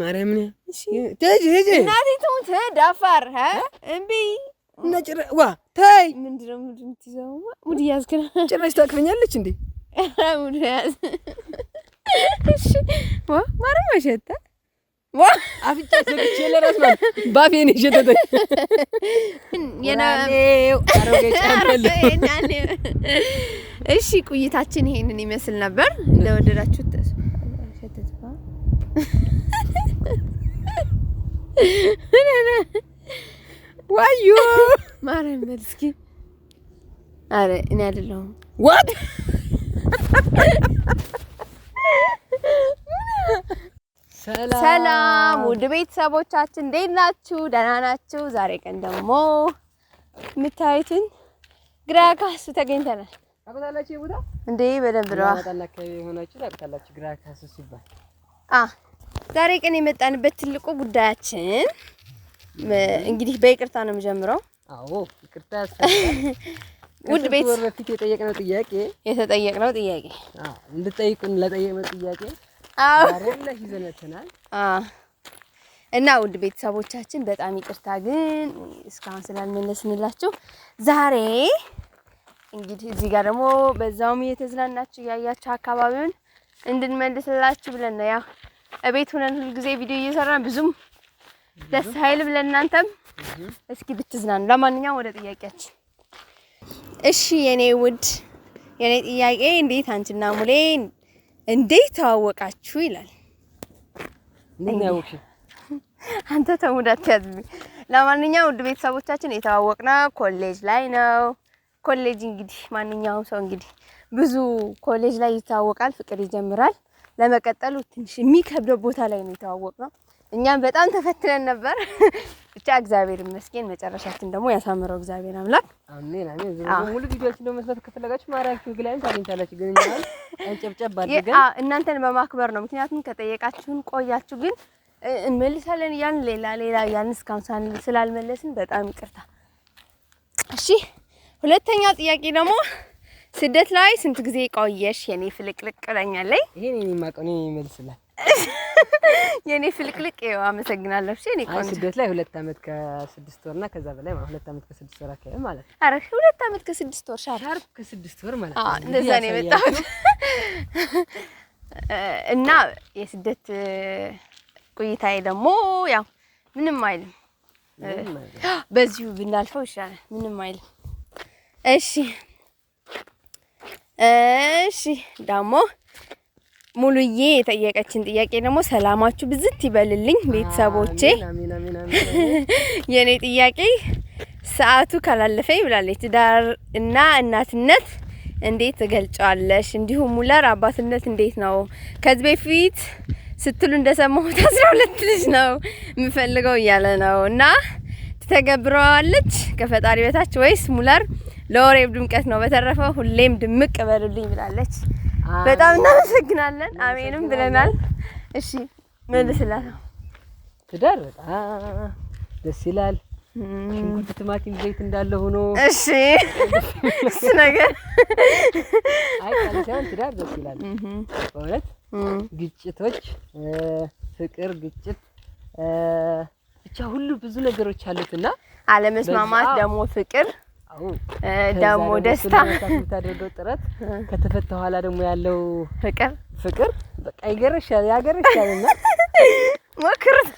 ማርያምን ተይ ሂጂ እናቴ ትሙት ዳፋር እምቢ እና ጭራ ዋ ተይ ምንድን ነው ሙድ የምትይዘው ሙድ እያዝክ ጭራሽ ታቅፈኛለች እንዴ ሙድ ያዝ እሺ ዋ ማርያም አሸታ ዋ አፍጫ ዘግቼ ለራስ ማለት ባፌን ነው የሸተተኝ እሺ ቆይታችን ይሄንን ይመስል ነበር እንደወደዳችሁት ተስፋ ዋዩ ማርያም በል እስኪ። ኧረ እኔ አይደለሁም። ዋት ሰላም ውድ ቤተሰቦቻችን እንዴት ናችሁ? ደህና ናችሁ? ዛሬ ቀን ደግሞ የምታዩትን ግራ ካሱ ተገኝተናል። እንዴ በደንብ ሲባል አ ዛሬ ቀን የመጣንበት ትልቁ ጉዳያችን እንግዲህ በይቅርታ ነው የምጀምረው። አዎ ይቅርታ ውድ ቤት ወር በፊት የጠየቅነው ጥያቄ የተጠየቅነው ጥያቄ አዎ እንድጠይቁን ለጠየቅነው ጥያቄ አዎ ይዘነትናል እና ውድ ቤተሰቦቻችን በጣም ይቅርታ ግን እስካሁን ስላልመለስንላችሁ ዛሬ እንግዲህ እዚህ ጋር ደግሞ በዛውም እየተዝናናችሁ ያያችሁ አካባቢውን እንድንመልስላችሁ ብለን ነው ያው እቤት ሁነን ሁልጊዜ ቪዲዮ እየሰራን ብዙም ደስ ሀይልም ለእናንተም። እስኪ ብትዝናኑ። ለማንኛውም ወደ ጥያቄያችን እሺ፣ የኔ ውድ የኔ ጥያቄ እንዴት አንቺና ሙሌ እንዴት ተዋወቃችሁ ይላል። ምን ያውቂ አንተ ተሙዳት ያዝብ። ለማንኛውም ውድ ቤተሰቦቻችን የተዋወቅነው ኮሌጅ ላይ ነው። ኮሌጅ እንግዲህ ማንኛውም ሰው እንግዲህ ብዙ ኮሌጅ ላይ ይታወቃል፣ ፍቅር ይጀምራል። ለመቀጠሉ ትንሽ የሚከብደው ቦታ ላይ ነው የተዋወቅ ነው። እኛም በጣም ተፈትነን ነበር። ብቻ እግዚአብሔር ይመስገን መጨረሻችን ደግሞ ያሳምረው እግዚአብሔር አምላክ። ሙሉ ቪዲዮችን ደግሞ መስራት ከፈለጋችሁ ማራኪ ግላይን ታገኝታላችሁ። ግን ጨብጨብ አድርገን እናንተን በማክበር ነው። ምክንያቱም ከጠየቃችሁን ቆያችሁ፣ ግን እንመልሳለን እያልን ሌላ ሌላ እያልን እስካሁን ስላልመለስን በጣም ይቅርታ። እሺ ሁለተኛ ጥያቄ ደግሞ ስደት ላይ ስንት ጊዜ ቆየሽ? የኔ ፍልቅልቅ ብላኛለች። ይሄን እኔ የማውቀው እኔ ይመልስላል። የኔ ፍልቅልቅ ይኸው አመሰግናለሁ። እሺ እኔ ቆንጆ ስደት ላይ ሁለት አመት ከስድስት ወርና ከዛ በላይ ማለት ሁለት አመት ከስድስት ወር አካባቢ ማለት ነው። ኧረ ሁለት አመት ከስድስት ወር ሻርፕ ከስድስት ወር ማለት ነው። እንደዛ ነው የመጣሁት እና የስደት ቆይታዬ ደግሞ ያው ምንም አይልም። በዚሁ ብናልፈው ይሻላል። ምንም አይልም። እሺ እሺ ደግሞ ሙሉዬ የጠየቀችን ጥያቄ ደግሞ ሰላማችሁ ብዝት ይበልልኝ ቤተሰቦቼ። የኔ ጥያቄ ሰዓቱ ካላለፈ ብላለች። ትዳር እና እናትነት እንዴት ትገልጫለሽ? እንዲሁም ሙለር አባትነት እንዴት ነው? ከዚህ በፊት ስትሉ እንደሰማሁት አስራ ሁለት ልጅ ነው የምፈልገው እያለ ነው እና ትተገብረዋለች ከፈጣሪ በታች ወይስ ሙለር ለወሬብ ድምቀት ነው። በተረፈ ሁሌም ድምቅ በሉልኝ ብላለች። በጣም እናመሰግናለን። አሜንም ብለናል። እሺ መልስላት ነው። ትዳር በጣም ደስ ይላል። ሽንኩርት፣ ቲማቲም፣ ዘይት እንዳለ ሆኖ እሺ፣ እሱ ነገር አይ ካለቻን ትዳር ደስ ይላል ማለት ግጭቶች፣ ፍቅር፣ ግጭት ብቻ ሁሉ ብዙ ነገሮች አሉትና አለመስማማት ደግሞ ፍቅር ደግሞ ደስታ ታደርገው ጥረት ከተፈታ ኋላ ደግሞ ያለው ፍቅር ፍቅር በቃ ይገርሻል፣ ያገርሻል እና ሞክሩት።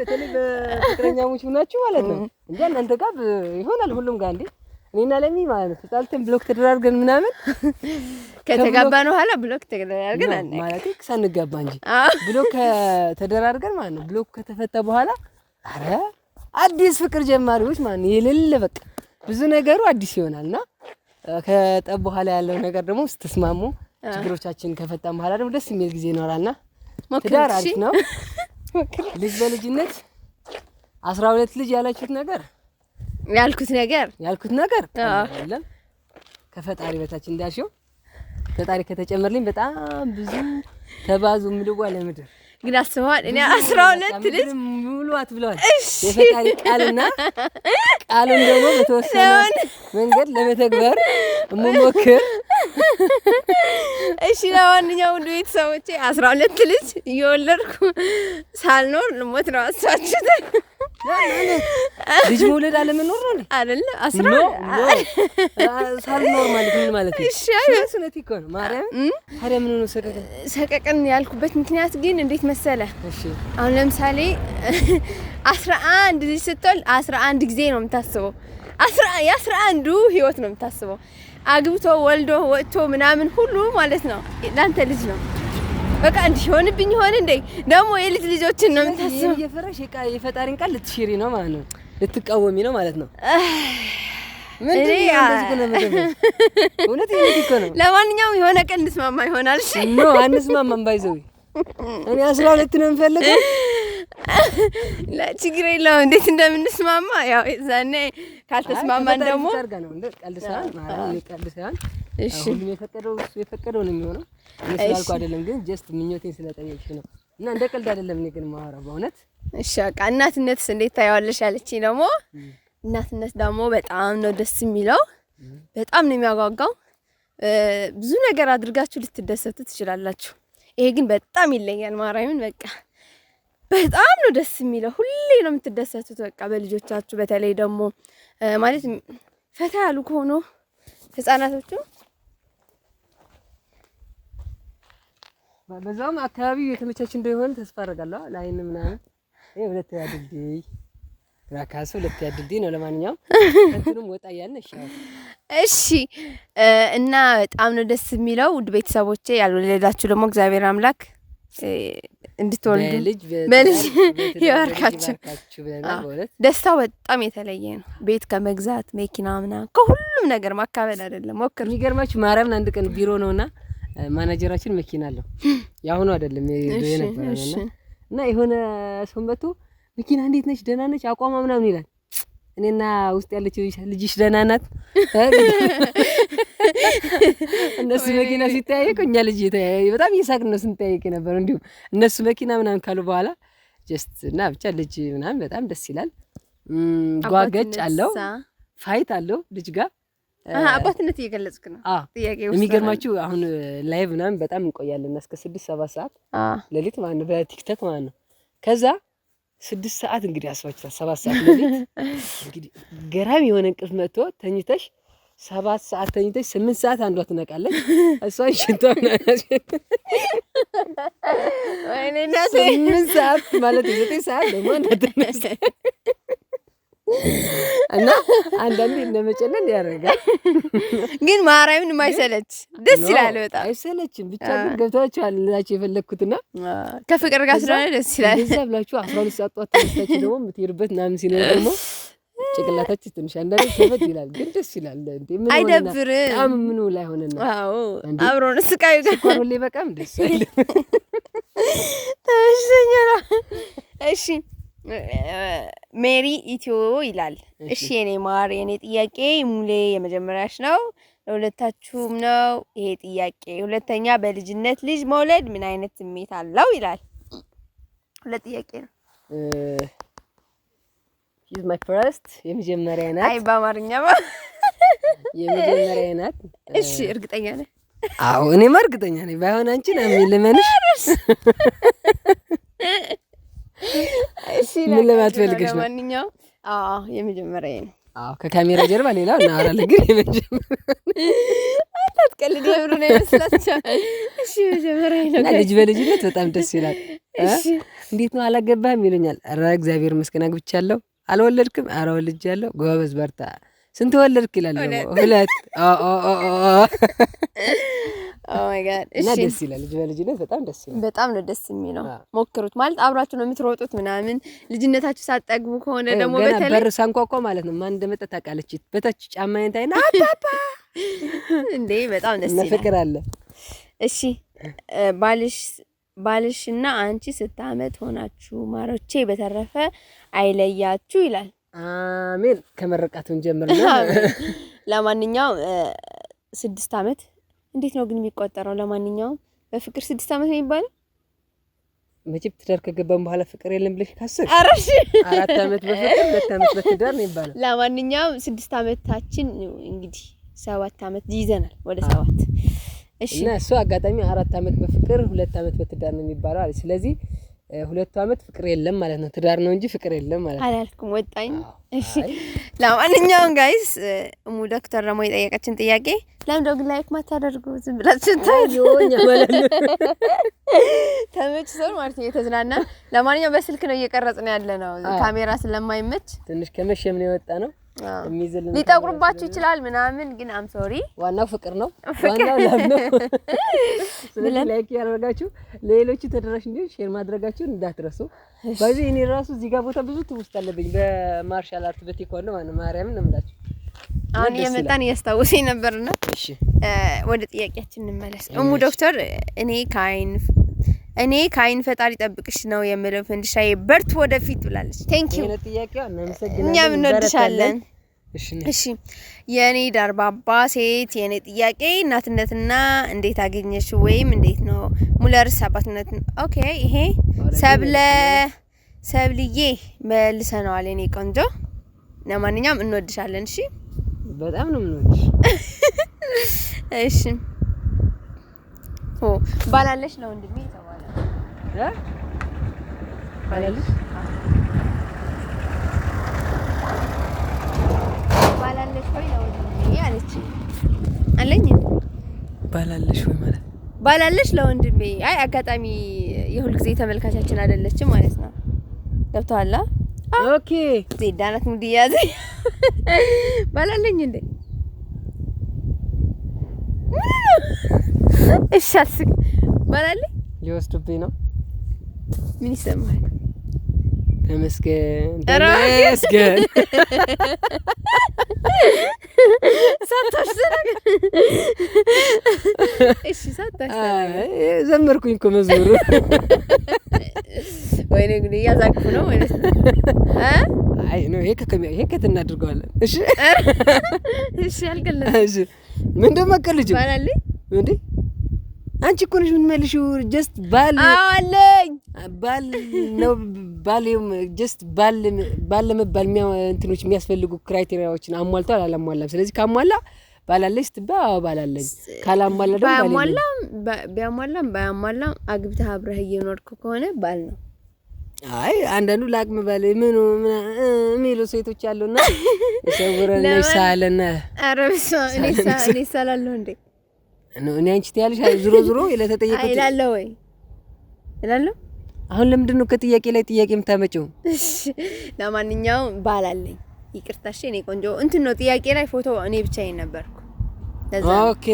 በተለይ በፍቅረኛሞች ሆናችሁ ማለት ነው እንጂ እናንተ ጋር ይሆናል ሁሉም ጋር እንዴ እኔና ለሚ ማለት ነው ተጣልተን ብሎክ ተደራርገን ምናምን ከተጋባን በኋላ ብሎክ ተደራርገን አናውቅም። ማለት ሳንጋባ እንጂ ብሎክ ተደራርገን ማለት ነው ብሎክ ከተፈታ በኋላ አረ አዲስ ፍቅር ጀማሪዎች ማለት የሌለ በቃ ብዙ ነገሩ አዲስ ይሆናልና ከጠብ በኋላ ያለው ነገር ደግሞ ስትስማሙ ችግሮቻችን ከፈጣን በኋላ ደግሞ ደስ የሚል ጊዜ ይኖራልና ትዳር አሪፍ ነው። ልጅ በልጅነት አስራ ሁለት ልጅ ያላችሁት ነገር ያልኩት ነገር ያልኩት ነገር አይደለም ከፈጣሪ በታች እንዳልሽው ፈጣሪ ከተጨመርልኝ በጣም ብዙ ተባዙ ምልዋ ለምድር ግን አስበዋል። እኔ አስራ ሁለት ልጅ ሙሉ አትብለዋል። የፈጣሪ ቃልና ቃሉን ደግሞ በተወሰነ መንገድ ለመተግበር እሞክር። እሺ፣ ለማንኛውም ውድ ቤተሰቦቼ አስራ ሁለት ልጅ እየወለድኩ ሳልኖር ልሞት ነው አሳችሁት። ልጅ መውለድ አለመኖር ነው አይደለ? አስራ ሳልኖር ማለት ምን ማለት ነው? እሺ እኮ ነው። ማርያም ታዲያ ምን ነው ሰቀቀን ሰቀቀን ያልኩበት ምክንያት ግን እንዴት መሰለ? አሁን ለምሳሌ አስራ አንድ ልጅ ስትወልድ አስራ አንድ ጊዜ ነው የምታስበው። የአስራ አንዱ ህይወት ነው የምታስበው። አግብቶ ወልዶ ወጥቶ ምናምን ሁሉ ማለት ነው ለአንተ ልጅ ነው በቃ እንዲሆንብኝ ሆን እንዴ ደግሞ የልጅ ልጆችን ነው የምታስበው። እየፈራሽ የፈጣሪን ቃል ልትሽሪ ነው ማለት ነው፣ ልትቃወሚ ነው ማለት ነው። ለማንኛውም የሆነ ቀን እንስማማ ይሆናል። እሺ፣ አንስማማም ባይዘው እኔ አስራ ሁለት ነው የምፈልገው። ችግር የለውም እንዴት እንደምንስማማ ያው የዛኔ ካልተስማማን ደግሞ ቀልድ ሁሉም የፈቀደው እሱ የፈቀደው ነው የሚሆነው። እኔ ስላልኩ አይደለም ግን ጀስት ምኞቴን ስለጠየቅሽ ነው እና እንደ ቀልድ አይደለም። እኔ ግን ማወራው በእውነት እሺ። በቃ እናትነትስ እንዴት ታየዋለሽ አለችኝ። ደግሞ እናትነት ደግሞ በጣም ነው ደስ የሚለው፣ በጣም ነው የሚያጓጓው። ብዙ ነገር አድርጋችሁ ልትደሰቱ ትችላላችሁ። ይሄ ግን በጣም ይለያል። ማርያምን በቃ በጣም ነው ደስ የሚለው። ሁሌ ነው የምትደሰቱት በቃ በልጆቻችሁ። በተለይ ደግሞ ማለት ፈታ ያሉ ከሆኑ ህጻናቶቹ በዛም አካባቢ የተመቻች እንደሆነ ተስፋ አደርጋለሁ። ለአይን ምናምን ይሄ ሁለት ያድልድይ ራካሱ ሁለት ያድልድይ ነው። ለማንኛውም እንትኑም ወጣ ያለ ይሻላል። እሺ እና በጣም ነው ደስ የሚለው። ውድ ቤተሰቦቼ ያልወለዳችሁ ደግሞ እግዚአብሔር አምላክ እንድትወልዱ በልጅ ይባርካችሁ። ደስታው በጣም የተለየ ነው። ቤት ከመግዛት መኪና ምናምን ከሁሉም ነገር ማካበል አይደለም። ሞክር የሚገርማችሁ ማርያምን አንድ ቀን ቢሮ ነውና ማናጀራችን መኪና አለው የአሁኑ አይደለም የነበረና እና የሆነ ሰንበቱ መኪና እንዴት ነች ደህና ነች አቋማ ምናምን ይላል እኔና ውስጥ ያለችው ልጅሽ ደህና ናት። እነሱ መኪና ሲጠያየቁ እኛ ልጅ በጣም እየሳቅን ነው ስንተያየቅ የነበረው። እንዲሁም እነሱ መኪና ምናምን ካሉ በኋላ ጀስት እና ብቻ ልጅ ምናምን በጣም ደስ ይላል። ጓገጭ አለው፣ ፋይት አለው ልጅ ጋር አባትነት እየገለጽክ ነው። የሚገርማችሁ አሁን ላይቭ ምናምን በጣም እንቆያለን እስከ ስድስት ሰባት ሰዓት ሌሊት ማለት ነው በቲክቶክ ማለት ነው ከዛ ስድስት ሰዓት እንግዲህ አስባችሁታል። ሰባት ሰዓት እንግዲህ ገራሚ የሆነ እንቅልፍ መጥቶ ተኝተሽ ሰባት ሰዓት ተኝተሽ ስምንት ሰዓት አንዷ ትነቃለች። እሷ ሽንቷን ስምንት ሰዓት ማለት ዘጠኝ ሰዓት ደግሞ እንዳትነሳ እና አንዳንዴ እንደመጨለል ያደርጋል። ግን ማርያምን የማይሰለች ደስ ይላል። በጣም አይሰለችም። ብቻ ግን ገብታችኋል ላችሁ የፈለግኩትና ከፍቅር ጋር ስለሆነ ደስ ይላል። ዛ ብላችሁ አስራ ሁለት ሰዓት ጧት ተነስታችሁ ደግሞ የምትሄዱበት ምናምን ሲኖር ደግሞ ጭቅላታችን ትንሽ አንዳንዴ ከበድ ይላል፣ ግን ደስ ይላል። አይደብር በጣም ምኑ ላይ ሆነና አብሮን ስቃዩ ስኳር በቃም ደስ አይልም። ተመችቶኛል። እሺ ሜሪ ኢትዮ ይላል። እሺ የኔ ማር የኔ ጥያቄ ሙሌ የመጀመሪያሽ ነው ለሁለታችሁም ነው ይሄ ጥያቄ። ሁለተኛ በልጅነት ልጅ መውለድ ምን አይነት ስሜት አለው ይላል። ሁለት ጥያቄ ነው። ማይ ፈርስት የመጀመሪያ ናት። አይ በአማርኛ የመጀመሪያ ናት። እሺ እርግጠኛ ነህ? አዎ እኔማ እርግጠኛ ነኝ። ባይሆን አንቺ አንቺን ልመንሽ ምን ለማትፈልግሽ ነው? ማንኛውም የመጀመሪያ ነው። ከካሜራ ጀርባ ሌላ እናወራለን፣ ግን የመጀመሪያ ልጅ በልጅነት በጣም ደስ ይላል። እንዴት ነው አላገባህም ይሉኛል። ኧረ እግዚአብሔር ይመስገን አግብቻለሁ። አልወለድክም? ኧረ ወልጃለሁ። ጎበዝ በርታ። ስንት ወለድክ ይላል። ሁለት Oh እና ደስ ይላል። ልጅ በልጅነት በጣም ደስ ይላል። በጣም ነው ደስ የሚለው። ሞክሩት ማለት አብራችሁ ነው የምትሮጡት ምናምን። ልጅነታችሁ ሳትጠግቡ ከሆነ ደግሞ በተለይ በር ሳንኳኳ ማለት ነው ማን እንደመጣ ታውቃለች። በታች ጫማ አይንታይና አባባ እንዴ በጣም ደስ ይላል። ፍቅር አለ። እሺ ባልሽ ባልሽና አንቺ ስንት ዓመት ሆናችሁ ማሮቼ? በተረፈ አይለያችሁ ይላል። አሜን። ከመረቃቱን ጀምር ለማንኛውም ስድስት አመት እንዴት ነው ግን የሚቆጠረው? ለማንኛውም በፍቅር ስድስት ዓመት ነው የሚባለው። መቼም ትዳር ከገባን በኋላ ፍቅር የለም ብለሽ ካሰብሽ አራት ዓመት በፍቅር ሁለት ዓመት በትዳር ነው ይባላል። ለማንኛውም ስድስት ዓመታችን እንግዲህ ሰባት ዓመት ይዘናል ወደ ሰባት እሺ። እና እሱ አጋጣሚ አራት ዓመት በፍቅር ሁለት ዓመት በትዳር ነው የሚባለው አለች። ስለዚህ ሁለቱ አመት ፍቅር የለም ማለት ነው። ትዳር ነው እንጂ ፍቅር የለም ማለት ነው አላልኩም። ወጣኝ። እሺ፣ ለማንኛውም ጋይስ እሙ ዶክተር ደግሞ የጠየቀችን ጥያቄ ለምን ዶግ ላይክ ማታደርጉ ዝም ብላችሁ ታዩኝ ማለት ነው። ማለት ነው የተዝናና። ለማንኛውም በስልክ ነው እየቀረጽ ነው ያለ ነው፣ ካሜራ ስለማይመች ትንሽ ከመሸም ነው የወጣ ነው። የሚዝልን ሊጠቁሩባችሁ ይችላል ምናምን፣ ግን አም ሶሪ ዋናው ፍቅር ነው። ዋናው ነው። ስለዚህ ላይክ ያደረጋችሁ ለሌሎቹ ተደራሽ እንዲሆን ሼር ማድረጋችሁ እንዳትረሱ። በዚህ እኔ ራሱ እዚህ ጋር ቦታ ብዙ ትውስጥ አለብኝ በማርሻል አርት በቴኳንዶ ማለት ነው። ማርያም ነው አሁን እየመጣን እያስታወሰኝ ነበርና፣ ወደ ጥያቄያችን እንመለስ። እሙ ዶክተር እኔ ከአይን እኔ ከአይን ፈጣሪ ጠብቅሽ ነው የምለው። ፈንድሻዬ በርቱ ወደፊት ብላለች። ቴንኪዩ እኛም እንወድሻለን። እሺ የኔ ዳርባባ ሴት የኔ ጥያቄ እናትነትና እንዴት አገኘሽ ወይም እንዴት ነው ሙለርስ አባትነት? ኦኬ ይሄ ሰብለ ሰብልዬ መልሰነዋል። የኔ ቆንጆ ለማንኛውም እንወድሻለን። እሺ በጣም ነው ምንወድ እሺ ኦ ባላለሽ ነው እንድሜ ባላለሽ ለወንድሜ አለኝ። ባላለሽ ወይ ማለት ባላለሽ ለወንድሜ። አይ አጋጣሚ የሁል ጊዜ ተመልካቻችን አይደለችም ማለት ነው። ገብቷላ። ኦኬ ዜዳ ናት ሙድያዜ ባላለኝ እንዴ እሺ፣ አልስቅ ባላለኝ ሊወስዱብኝ ነው ምን ይሰማል? ተመስገን ተመስገን። ሳታሽ ዘረግ። እሺ ዘመርኩኝ እኮ መዝሙሩ። ወይኔ ግን እያዛቅፉ ነው ማለት አይ ነው። ይሄ ከከሚያ ይሄ ከት እናድርገዋለን። እሺ እሺ። አልቀለለ እሺ። ምን እንደማቀል ልጅ ባላልኝ እንዴ አንቺ እኮ ነሽ ምን ጀስት ባል አለኝ ባል ነው ባል ለመባል እንትኖች የሚያስፈልጉ ክራይቴሪያዎችን አሟልተው አላሟላም። ስለዚህ ካሟላ ባላለች ስትባ ባላለኝ ካላሟላ ደግሞ ባያሟላም ቢያሟላም ባያሟላም አግብተህ አብረህ እየኖርክ ከሆነ ባል ነው። አይ አንዳንዱ ለአቅም ባል ምኑ የሚሉ ሴቶች አሉና ሰውረነች ሳለነ ረብሶ እንዴ እኔ አንቺ ትያለሽ ዝሮ ዝሮ ለተጠየቁ ይላለሁ ወይ ይላለሁ አሁን ለምንድን ነው ከጥያቄ ላይ ጥያቄም የምታመጪው? ለማንኛውም ባል አለኝ። ይቅርታሽ እኔ ቆንጆ እንትን ነው ጥያቄ ላይ ፎቶ እኔ ብቻዬን ነበርኩ። ኦኬ፣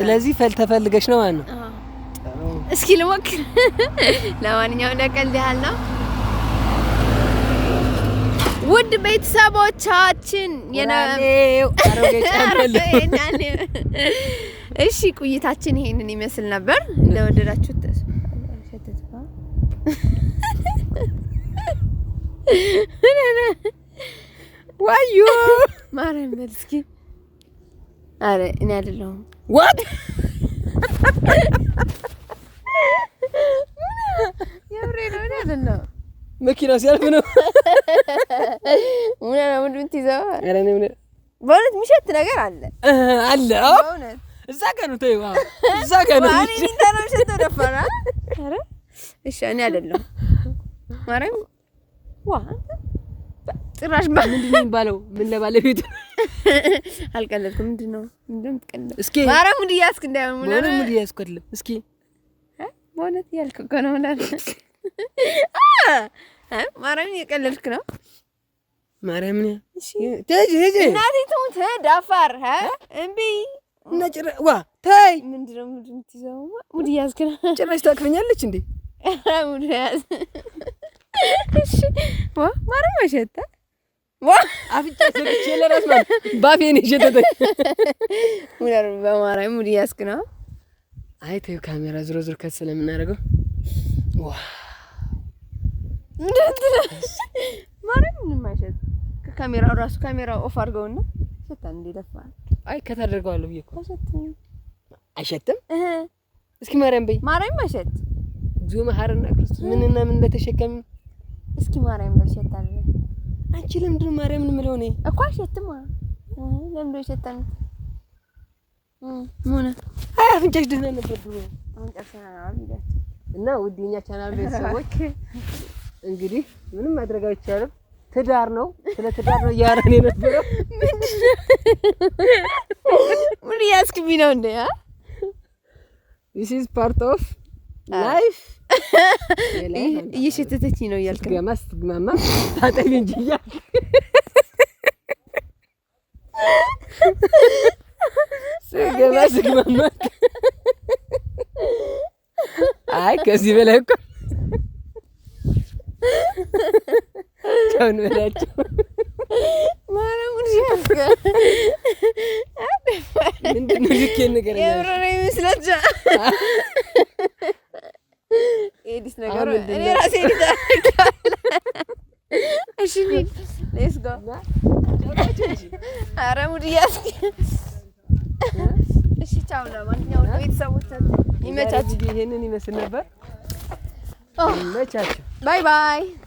ስለዚህ ፈል ተፈልገሽ ነው ማለት ነው። እስኪ ልሞክር። ለማንኛውም ለቀልድ ያህል ነው። ውድ ቤተሰቦቻችን እሺ፣ ቆይታችን ይሄንን ይመስል ነበር። እንደወደዳችሁት ዋዩ ማርያም በል እስኪ። ኧረ እኔ አይደለሁም። ዋት የምሬ ነው። እኔ አይደለሁም። መኪና ሲያልፍ ነው ምና ነው ምንድን የምትይዘው? በእውነት የሚሸት ነገር አለ አለ። እዛ ጋ ነው ተይው፣ እዛ ጋ ነው ሚሸተው። ደፋራ እሺ፣ እኔ አይደለሁም ማርያም ጭራሽ ምንድን ነው የሚባለው? ምን ለባለቤቱ አልቀለድኩም። ምንድን ነው እንደምትቀልድ እስኪ ኧረ ሙድ እያስክ እንዳይሆን ሙድ ሙድ እያስኩ አይደለም። እስኪ በእውነት እያልክ እኮ ነው ምናምን ማርያምን እየቀለድክ ነው። ማርያምን ሂጂ ሂጂ፣ እናቴ ትሙት ዳፋር እምቢ እና ጭራ ዋ ተይ፣ ምንድን ነው ሙድ የምትይዘው? ሙድ እያዝክ ነው ጭራሽ ታቅፈኛለች እንዴ? ሙድ ያዝ እሺ ዋ ማርም ሸታ ዋ አፍጫ ሰብቼ ለራስ ማለት ሙድ ያስክ ነው። አይ ካሜራ ዞሮ ዞሮ ስለምናደርገው ዋ ምንም አይሸት ከካሜራው ራሱ ካሜራው ኦፍ አድርገውና ሸታ እንደ አይ ከታደርገዋለሁ ብዬ እኮ አይሸትም። እስኪ ማርያም በይ ማርያም አይሸት ብዙ መሀርና ክርስቶስ ምንና ምን እንደተሸከምን እስኪ ማርያም በል ሸታል። አንቺ ለምንድን ነው ማርያም የምለው? እኔ እኮ ሸትማ ለምንድን ነው ሸታል? ሞና አይ አፍንጫሽ ደህና ነበር ድሮ፣ እና ውድ የኛ ቻናል ቤተሰቦች እንግዲህ ምንም ማድረግ አይቻልም። ትዳር ነው፣ ስለ ትዳር ነው እያወራን የነበረው። ምን እያስክቢ ነው እንዴ? አ ዲስ ኢዝ ፓርት ኦፍ ላይፍ እየሸተተች ነው እያልክ ገማ ስትግማማ ታጠቢ እንጂ እያልክ ገማ ስትግማማ አይ ከዚህ በላይ እኮ ቻውን በላቸው። ምንድን ነው ልኬ ነገር ነው ይመስላችኋል? ይመስል ነበር። ይመቻችሁ። ባይ ባይ።